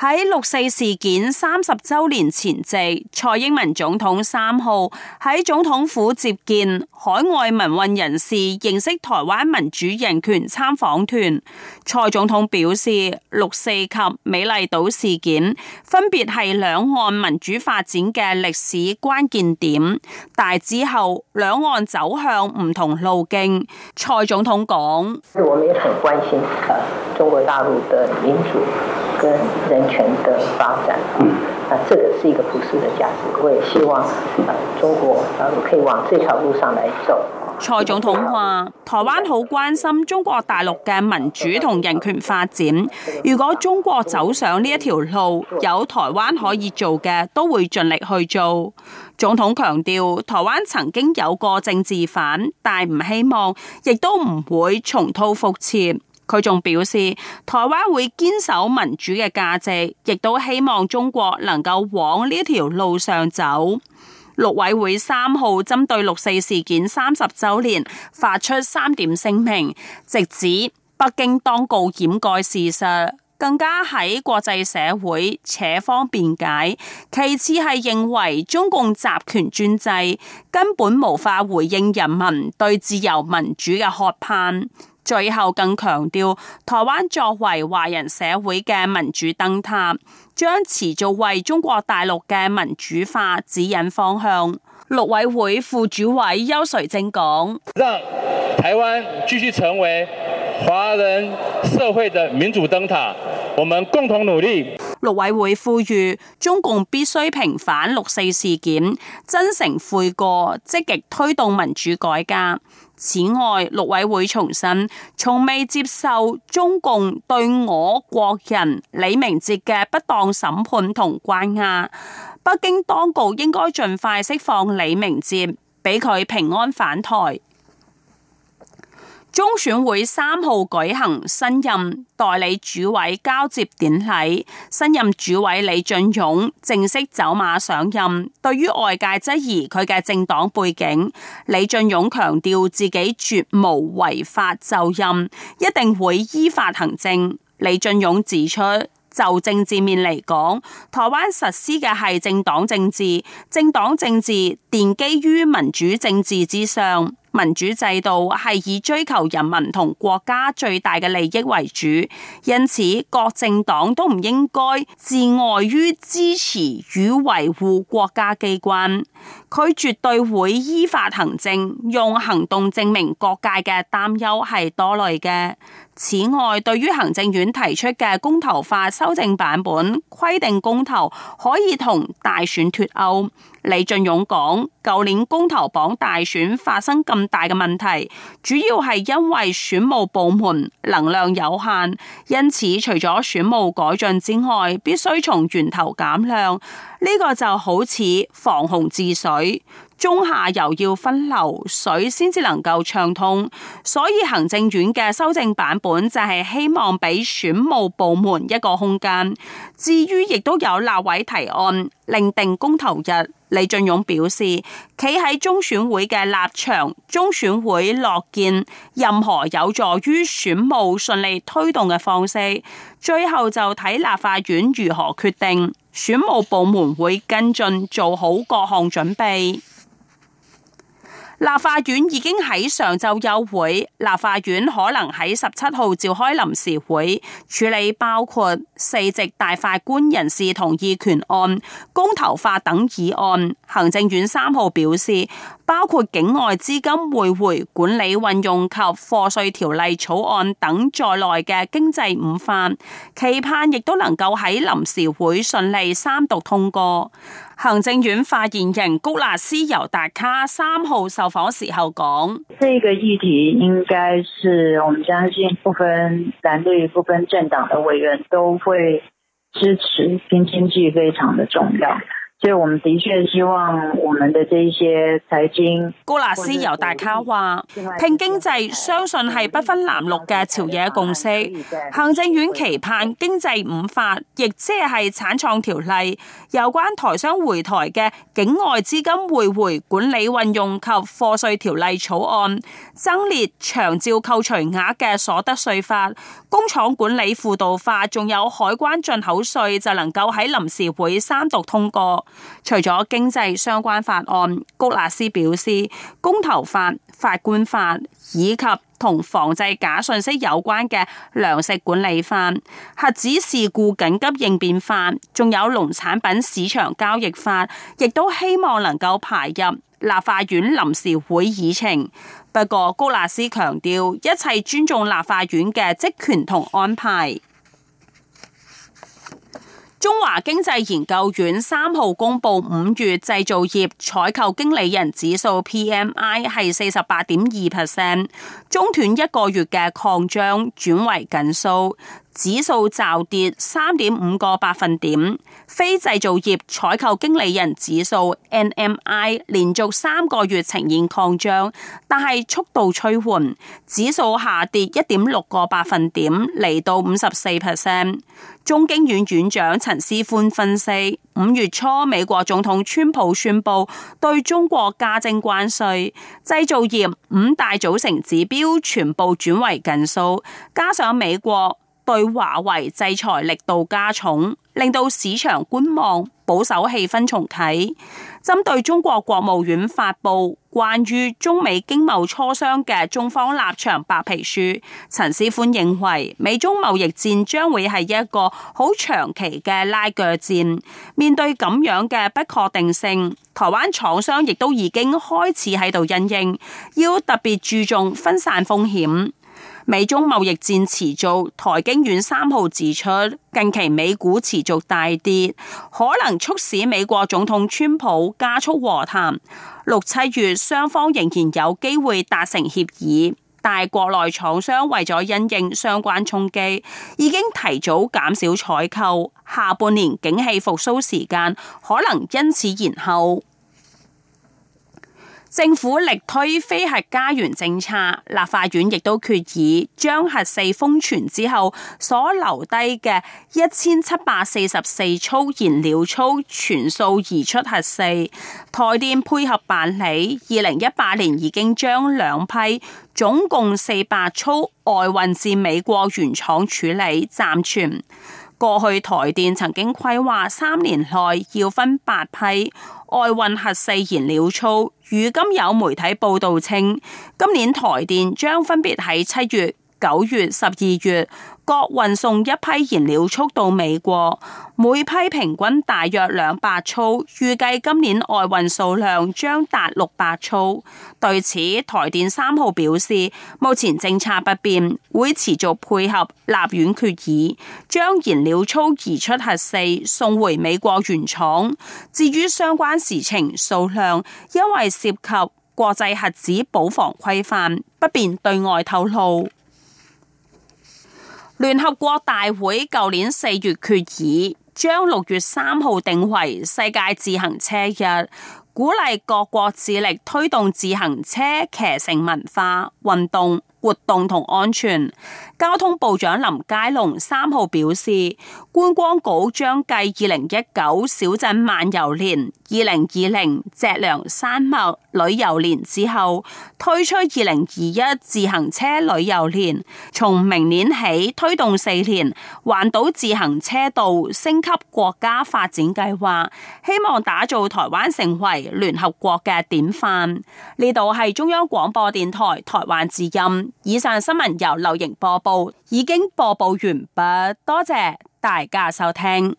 喺六四事件三十周年前夕，蔡英文總統三號喺總統府接見海外民運人士，認識台灣民主人權參訪團。蔡總統表示，六四及美麗島事件分別係兩岸民主發展嘅歷史關鍵點。大之後，兩岸走向唔同路徑。蔡總統講：我們也很關心中國大陸的民主。跟人權的發展，啊，這個是一個普世的價值。我也希望，啊，中國可以往這條路上來走。蔡總統話：台灣好關心中國大陸嘅民主同人權發展。如果中國走上呢一條路，有台灣可以做嘅，都會盡力去做。總統強調，台灣曾經有過政治犯，但唔希望，亦都唔會重蹈覆轍。佢仲表示，台灣會堅守民主嘅價值，亦都希望中國能夠往呢條路上走。陸委會三號針對六四事件三十周年發出三點聲明，直指北京當局掩蓋事實，更加喺國際社會且方辯解。其次係認為中共集權專制根本無法回應人民對自由民主嘅渴盼。最後更強調，台灣作為華人社會嘅民主燈塔，將持續為中國大陸嘅民主化指引方向。陸委會副主委邱垂正講：讓台灣繼續成為華人社會嘅民主燈塔，我們共同努力。陸委會呼籲中共必須平反六四事件，真誠悔過，積極推動民主改革。此外，陸委會重申從未接受中共對我國人李明哲嘅不當審判同關押，北京當局應該盡快釋放李明哲，俾佢平安返台。中選會三號舉行新任代理主委交接典禮，新任主委李進勇正式走馬上任。對於外界質疑佢嘅政黨背景，李進勇強調自己絕無違法就任，一定會依法行政。李進勇指出，就政治面嚟講，台灣實施嘅係政黨政治，政黨政治奠基於民主政治之上。民主制度係以追求人民同國家最大嘅利益為主，因此各政黨都唔應該自外於支持與維護國家機關。佢絕對會依法行政，用行動證明各界嘅擔憂係多慮嘅。此外，對於行政院提出嘅公投法修正版本，規定公投可以同大選脫歐，李進勇講：舊年公投榜大選發生咁大嘅問題，主要係因為選務部門能量有限，因此除咗選務改進之外，必須從源頭減量。呢、這個就好似防洪治水中下游要分流，水先至能夠暢通。所以行政院嘅修正版本就係希望俾選務部門一個空間。至於亦都有立委提案另定公投日。李進勇表示：企喺中選會嘅立場，中選會樂見任何有助於選務順利推動嘅方式，最後就睇立法院如何決定，選務部門會跟進做好各項準備。立法院已經喺上晝休會，立法院可能喺十七號召開臨時會，處理包括四席大法官人事同意權案、公投法等議案。行政院三號表示，包括境外資金匯回管理運用及課稅條例草案等在內嘅經濟五法，期盼亦都能夠喺臨時會順利三讀通過。行政院發言人谷納斯尤達卡三號受訪時候講，呢個議題應該是我們相信不分黨派、不分政黨嘅委員都會支持，因經濟非常的重要。所以，我們的確希望我們的這些財經高納斯由大咖話，拼經濟，相信係不分藍綠嘅朝野共識。行政院期盼經濟五法，亦即係產創條例、有關台商回台嘅境外資金匯回管理運用及課稅條例草案、增列長照扣除額嘅所得稅法、工廠管理輔導法，仲有海關進口稅就能夠喺臨時會三讀通過。除咗經濟相關法案，谷辣斯表示，公投法、法官法以及同防制假信息有關嘅糧食管理法、核子事故緊急應變法，仲有農產品市場交易法，亦都希望能夠排入立法院臨時會議程。不過，谷辣斯強調一切尊重立法院嘅職權同安排。中華經濟研究院三號公布五月製造業採購經理人指數 PMI 係四十八點二 percent，中斷一個月嘅擴張轉為緊縮。指數驟跌三點五個百分點，非製造業採購經理人指數 （NMI） 連續三個月呈現擴張，但係速度趨緩，指數下跌一點六個百分點，嚟到五十四 percent。中經院院長陳思寬分析，五月初美國總統川普宣布對中國加徵關稅，製造業五大組成指標全部轉為緊縮，加上美國。對華為制裁力度加重，令到市場觀望、保守氣氛重啟。針對中國國務院發布關於中美經貿磋商嘅中方立場白皮書，陳思寬認為，美中貿易戰將會係一個好長期嘅拉鋸戰。面對咁樣嘅不確定性，台灣廠商亦都已經開始喺度因應，要特別注重分散風險。美中貿易戰持續，台經院三號指出，近期美股持續大跌，可能促使美國總統川普加速和談。六七月雙方仍然有機會達成協議，但係國內廠商為咗因應相關衝擊，已經提早減少採購，下半年景氣復甦時間可能因此延後。政府力推非核家園政策，立法院亦都決議將核四封存之後所留低嘅一千七百四十四束燃料束全數移出核四，台電配合辦理，二零一八年已經將兩批總共四百束外運至美國原廠處理暫存。過去台電曾經規劃三年內要分八批外運核四燃料束，如今有媒體報道稱，今年台電將分別喺七月、九月、十二月各運送一批燃料束到美國，每批平均大約兩百束，預計今年外運數量將達六百束。對此，台電三號表示，目前政策不變，會持續配合立院決議，將燃料束移出核四送回美國原廠。至於相關時程數量，因為涉及國際核子保防規範，不便對外透露。聯合國大會舊年四月決議，將六月三號定為世界自行車日，鼓勵各國致力推動自行車騎乘文化運動。活動同安全，交通部長林佳龍三號表示，觀光局將繼二零一九小鎮漫遊年、二零二零脊梁山脈旅遊年之後，推出二零二一自行車旅遊年，從明年起推動四年環島自行車道升級國家發展計劃，希望打造台灣成為聯合國嘅典範。呢度係中央廣播電台台灣之音。以上新聞由劉瑩播報，已經播報完畢，多謝大家收聽。